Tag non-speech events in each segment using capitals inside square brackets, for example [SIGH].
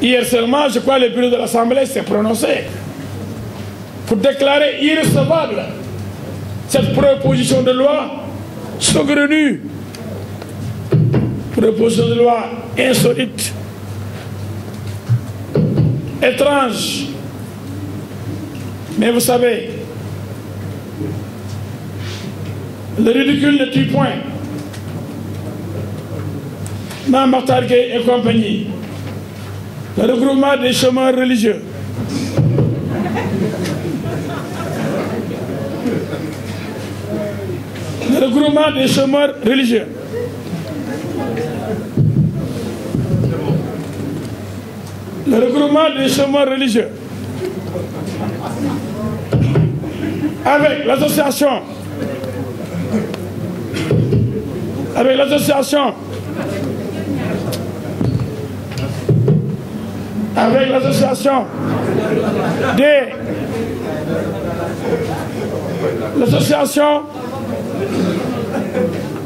Hier seulement, je crois, le bureau de l'Assemblée s'est prononcé pour déclarer irrecevable cette proposition de loi saugrenue, proposition de loi insolite, étrange. Mais vous savez, le ridicule ne tue point. Namatargué et compagnie le regroupement des chemins religieux. Le regroupement des chemins religieux. Le regroupement des chemins religieux. Avec l'association. Avec l'association avec l'association des l'association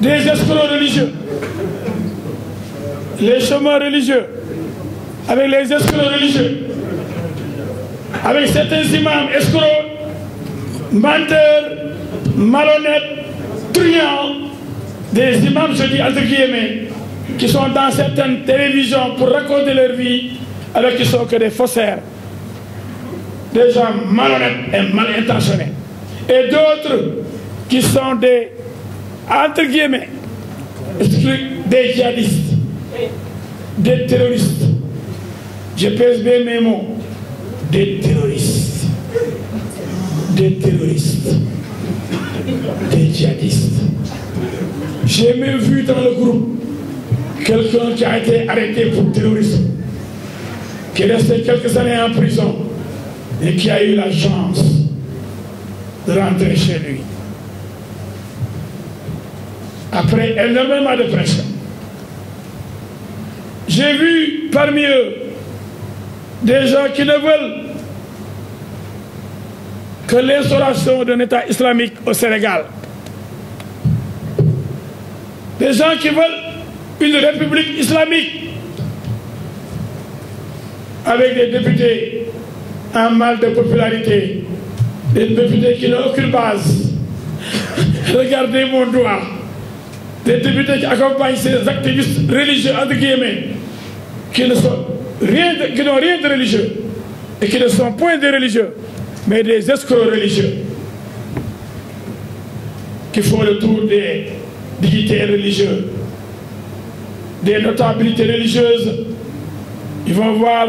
des escrocs religieux, les chemins religieux, avec les escrocs religieux, avec certains imams escrocs, menteurs, malhonnêtes, truands, des imams, je dis entre qui sont dans certaines télévisions pour raconter leur vie alors qu'ils sont que des faussaires, des gens malhonnêtes et mal intentionnés, et d'autres qui sont des, entre guillemets, des djihadistes, des terroristes. Je pèse bien mes mots, des terroristes, des terroristes, des djihadistes. J'ai même vu dans le groupe quelqu'un qui a été arrêté pour terrorisme qui est resté quelques années en prison et qui a eu la chance de rentrer chez lui. Après énormément de pression, j'ai vu parmi eux des gens qui ne veulent que l'instauration d'un État islamique au Sénégal. Des gens qui veulent une république islamique avec des députés en mal de popularité, des députés qui n'ont aucune base. [LAUGHS] Regardez mon doigt. Des députés qui accompagnent ces activistes religieux, qui ne sont rien qui n'ont rien de religieux et qui ne sont point des religieux, mais des escrocs religieux qui font le tour des dignitaires religieux, des notabilités religieuses. Ils vont voir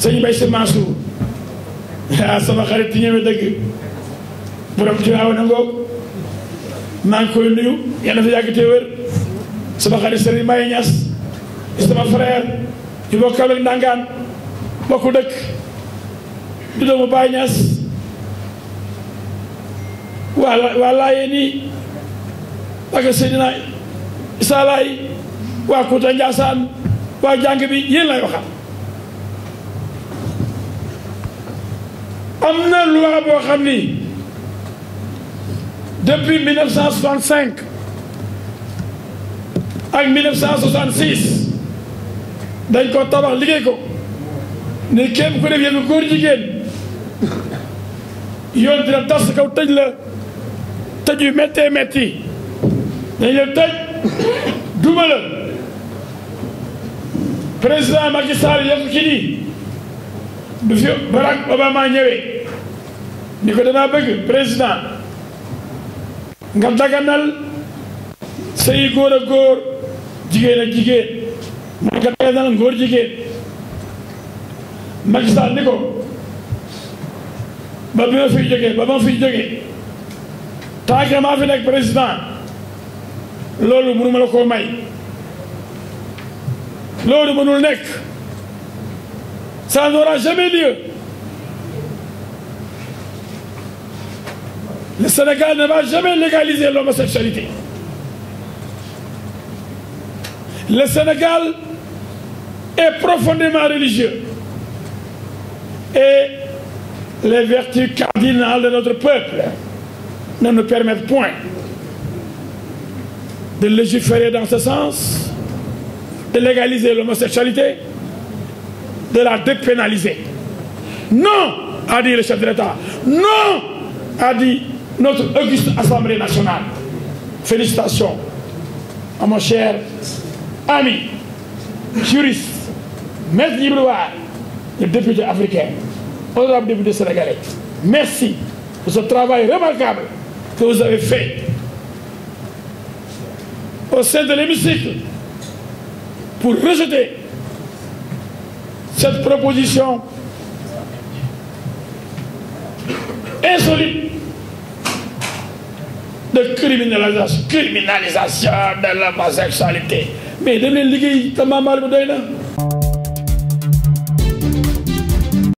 sëñ bay ci masu ah sama xarit ñu ñëw dëgg borom ci waaw na ngoog ma ngi koy nuyu yàlla na fi yàgg te wér sama xarit sëri may Niass sama frère ñu bokk ak nangaan bokku dëkk du doomu Baye Niass waa waa Laayeen yi ak Seydina Isa Laay waa Kouta Ndiassane waa jàng bi yéen lay waxal depuis 1965 en 1966 dañ ko tabax liggéey ko ne Il ku def yéen góor jigéen yoon dina tas la yu metti dañ la tej duma la président Macky Sall ci bu fi Barack Obama ñëwee ni ko danaa bëgg président nga daganal say góor a góor jigéen jigéen man nga daganal ngóor jigéen Macky Sall ni ko ba bi ma fiy jógee ba ma fiy jógee tant maa fi nekk président loolu mënu ma la koo may loolu mënul nekk Ça n'aura jamais lieu. Le Sénégal ne va jamais légaliser l'homosexualité. Le Sénégal est profondément religieux. Et les vertus cardinales de notre peuple ne nous permettent point de légiférer dans ce sens, de légaliser l'homosexualité, de la dépénaliser. Non, a dit le chef de l'État. Non, a dit notre auguste Assemblée nationale. Félicitations à mon cher ami, juriste, maître d'Ibrouard, le député africain, honorable député sénégalais. Merci pour ce travail remarquable que vous avez fait au sein de l'hémicycle pour rejeter cette proposition insolite de criminalisation criminalisation de l'homosexualité mais daf leen liggéey te Mame Malick doy na